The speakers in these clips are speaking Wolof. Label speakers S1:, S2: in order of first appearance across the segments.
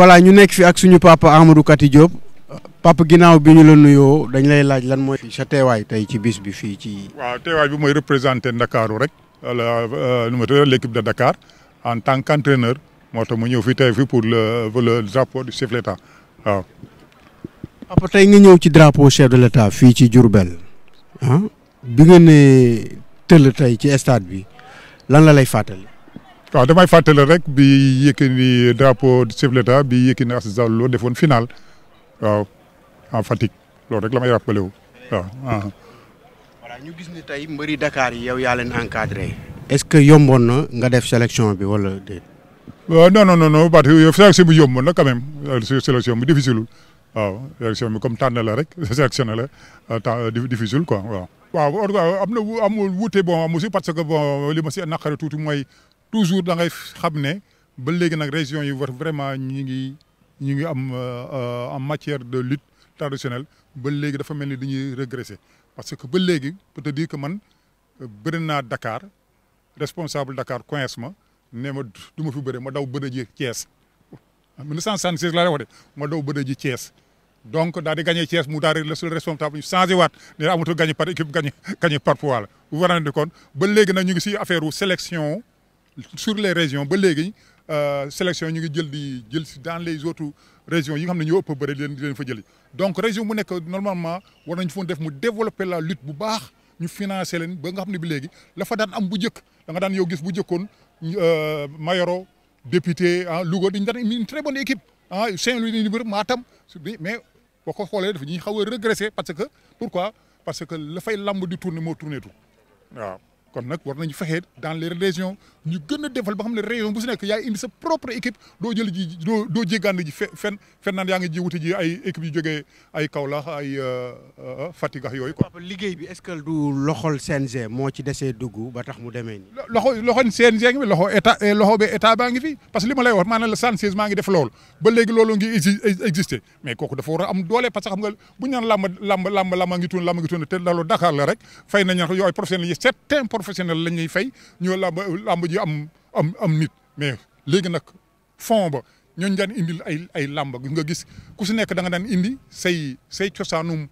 S1: voilà ñu nekk fi ak suñu papa Amadou Katy Diop papa ginnaaw bi ñu la nuyoo dañ lay laaj lan mooy fi sa teewaay tey ci bis bi fii ci.
S2: waaw teewaay bi mooy représenté Ndakaaru rek euh, nu ma tuddee l' de Dakar en tant qu' entraîneur moo tax mu ñëw fii tey fii pour le le drapeau du chef de l' état
S1: ñëw ci drapeau chef de l' état fii ci Diourbel ah bi nga ne tëll tey ci stade bi lan la lay fàttali.
S2: waaw damay fàttali rek bi Yékini drapeau chef de l'État bi Yékini Aziz Diallo defoon final waaw en
S1: Fatick loolu rek la may rappelé wu waaw. Ah. voilà ñu gis ni tey mbëri Dakar yi yow yaa leen encadré. est-ce que yomboon na nga def sélection bi wala déet.
S2: waaw non non non parce que sélection bi yomboon na quand même euh, sélection bi difficile waaw sélection bi comme tànn la rek sélectionné la euh, temps euh, difficile quoi waaw. waaw am na am wuute bon am aussi parce que bon li ma si naqari tuuti mooy. toujours da les xam ne ba léegi nag région yi war vraiment ñi ngi ñi ngi am euh, euh, en matière de lutte traditionnelle ba de dafa mel ni régresser parce que ba peut te dire que man euh, Bernard Dakar responsable Dakar coince ma ne me du ma fi bëre ma daw bëre ji Thiès 1976 ah, laa lay wax de ma daw bëre ji Thiès donc d'aller di gagné Thiès mu daal di le seul responsable ñu changé waat ne amatul gagné par équipe gagné gagné par poids vous bu war a kon ba léegi nag ñu ngi affaire sélection sur les régions ba légui euh sélection ñu ngi jël di jël si dans les autres régions yi nga xamné ñu ëpp bëri di leen fa jëli donc région mu nekk normalement war nañ fu def mu développer la lutte bu baax ñu financer leen ba nga xamné bi légui la fa daan am bu jëk da nga daan yow gis bu euh Mayoro député ah Louga di daan une très bonne équipe ah Saint-Louis dañuy bëri Matam mais boo xolé xoolee dafa ñi xaw a regresser parce que pourquoi parce que le fay lamb di tourner mo tourner tout waaw kon nak war nañu fexe dans les régions ñu gëna a ba xamné ne région bu si nekk yaay indi sa propre équipe do jël ji do doo jéggaan ji fe fen fen naan yaa ngi ji wuti ji ay équipe yu jógee ay Kaolack
S1: ay euh, euh, fatiga ak yooyu quoi. liggéey bi est-ce que du loxol CNG mo ci déssé duggu ba tax mu démé ni
S2: loxo loxo CNG bi loxo état eh, loxo bi état ba ngi fi parce que li ma lay wax maanaam la CNG ma ngi def lool ba légui loolu ngi existé mais kooku dafa wara a am doole parce que xam nga bu ñaan lamb lamb lamb làmb làmb ngi tun lamb ngi tun té loolu Dakar la rek fay nañu yoy yooyu yi c'est important professionnel la ñuy fay ñoo làmb làmb ji am am am nit mais léegi nag fon ba ñooñu daan indil ay ay làmb nga gis ku si nekk da nga daan indi say say cosaanum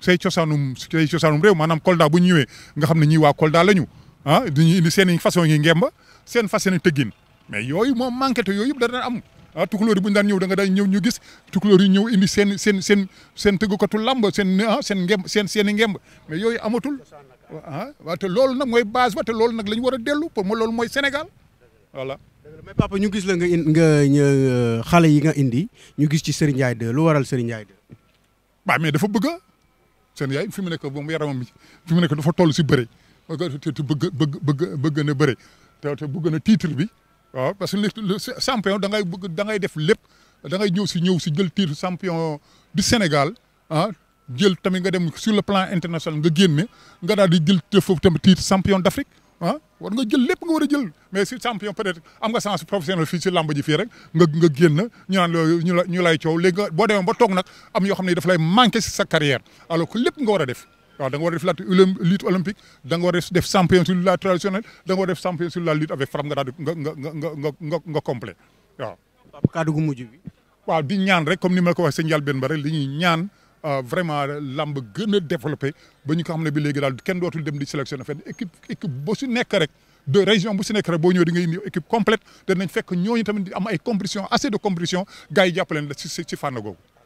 S2: say cosaanum say cosaanum réew maanaam Kolda bu ñu ñëwee nga xam ne ñii waa Kolda la ah, ñu ah dañuy indi seen i façon yi ngemba seen façon yi tëggin mais yooyu moom manqué te yooyu yëpp da daan am ah tukulóor yi ñu daan ñëw da nga daan ñëw ñu gis tukulóor yi ñëw indi seen seen seen seen tëggkatu làmb seen ah, seen ngemb seen seen ngemb mais yooyu amatul. ah waaw loolu nag mooy base ba loolu nag lañu ñu war a dellu pour ma loolu mooy Sénégal voilà.
S1: mais papa ñu gis la nga indi nga xale yi nga indi ñu gis ci Serigne Ndiaye 2 lu waral Serigne Ndiaye 2.
S2: waaw mais dafa bëgg a Serigne Ndiaye fi mu nekk moom yaramam
S1: fi mu nekk dafa toll si bëre
S2: te bëgg bëgg bëgg na bëre te bëgg na titre bi waaw parce que le champion da ngay bëgg dangay def lépp da ñëw si ñëw si jël titre champion di Sénégal ah. jël tamit nga dem sur le plan international nga génne nga daal di jël te foofu tamit titre champion d'Afrique ah war nga jël lépp nga war a jël mais si champion peut-être am nga sens professionnel fii si làmb ji fii rek nga nga génn ñu naan ñu la ñu lay coow léegi nga boo demee ba toog nag am yoo xam ne daf lay manqué si sa carrière alors que lépp nga war a def waaw da nga war a def la lutte olympique da nga war a def champion sur la traditionnelle da nga war a def champion sur la lutte avec Fram nga daal di nga nga nga nga nga nga complet waaw. gu mujj bi. waaw di ñaan rek comme ni ma ko waxee sa njëlbeen ba rek li ñuy ñaan. Euh, vraiment lamb gën a développé ba ñu ko xam ne bi léegi daal kenn dootul dem di sélectionné fenn équipe équipe bu si nekk rek de région bu si nekk rek boo ñëwee di nga équipe complète danañ fekk ñooñu tamit di am ay compétition assez de compétition gars yi jàppaleen la si si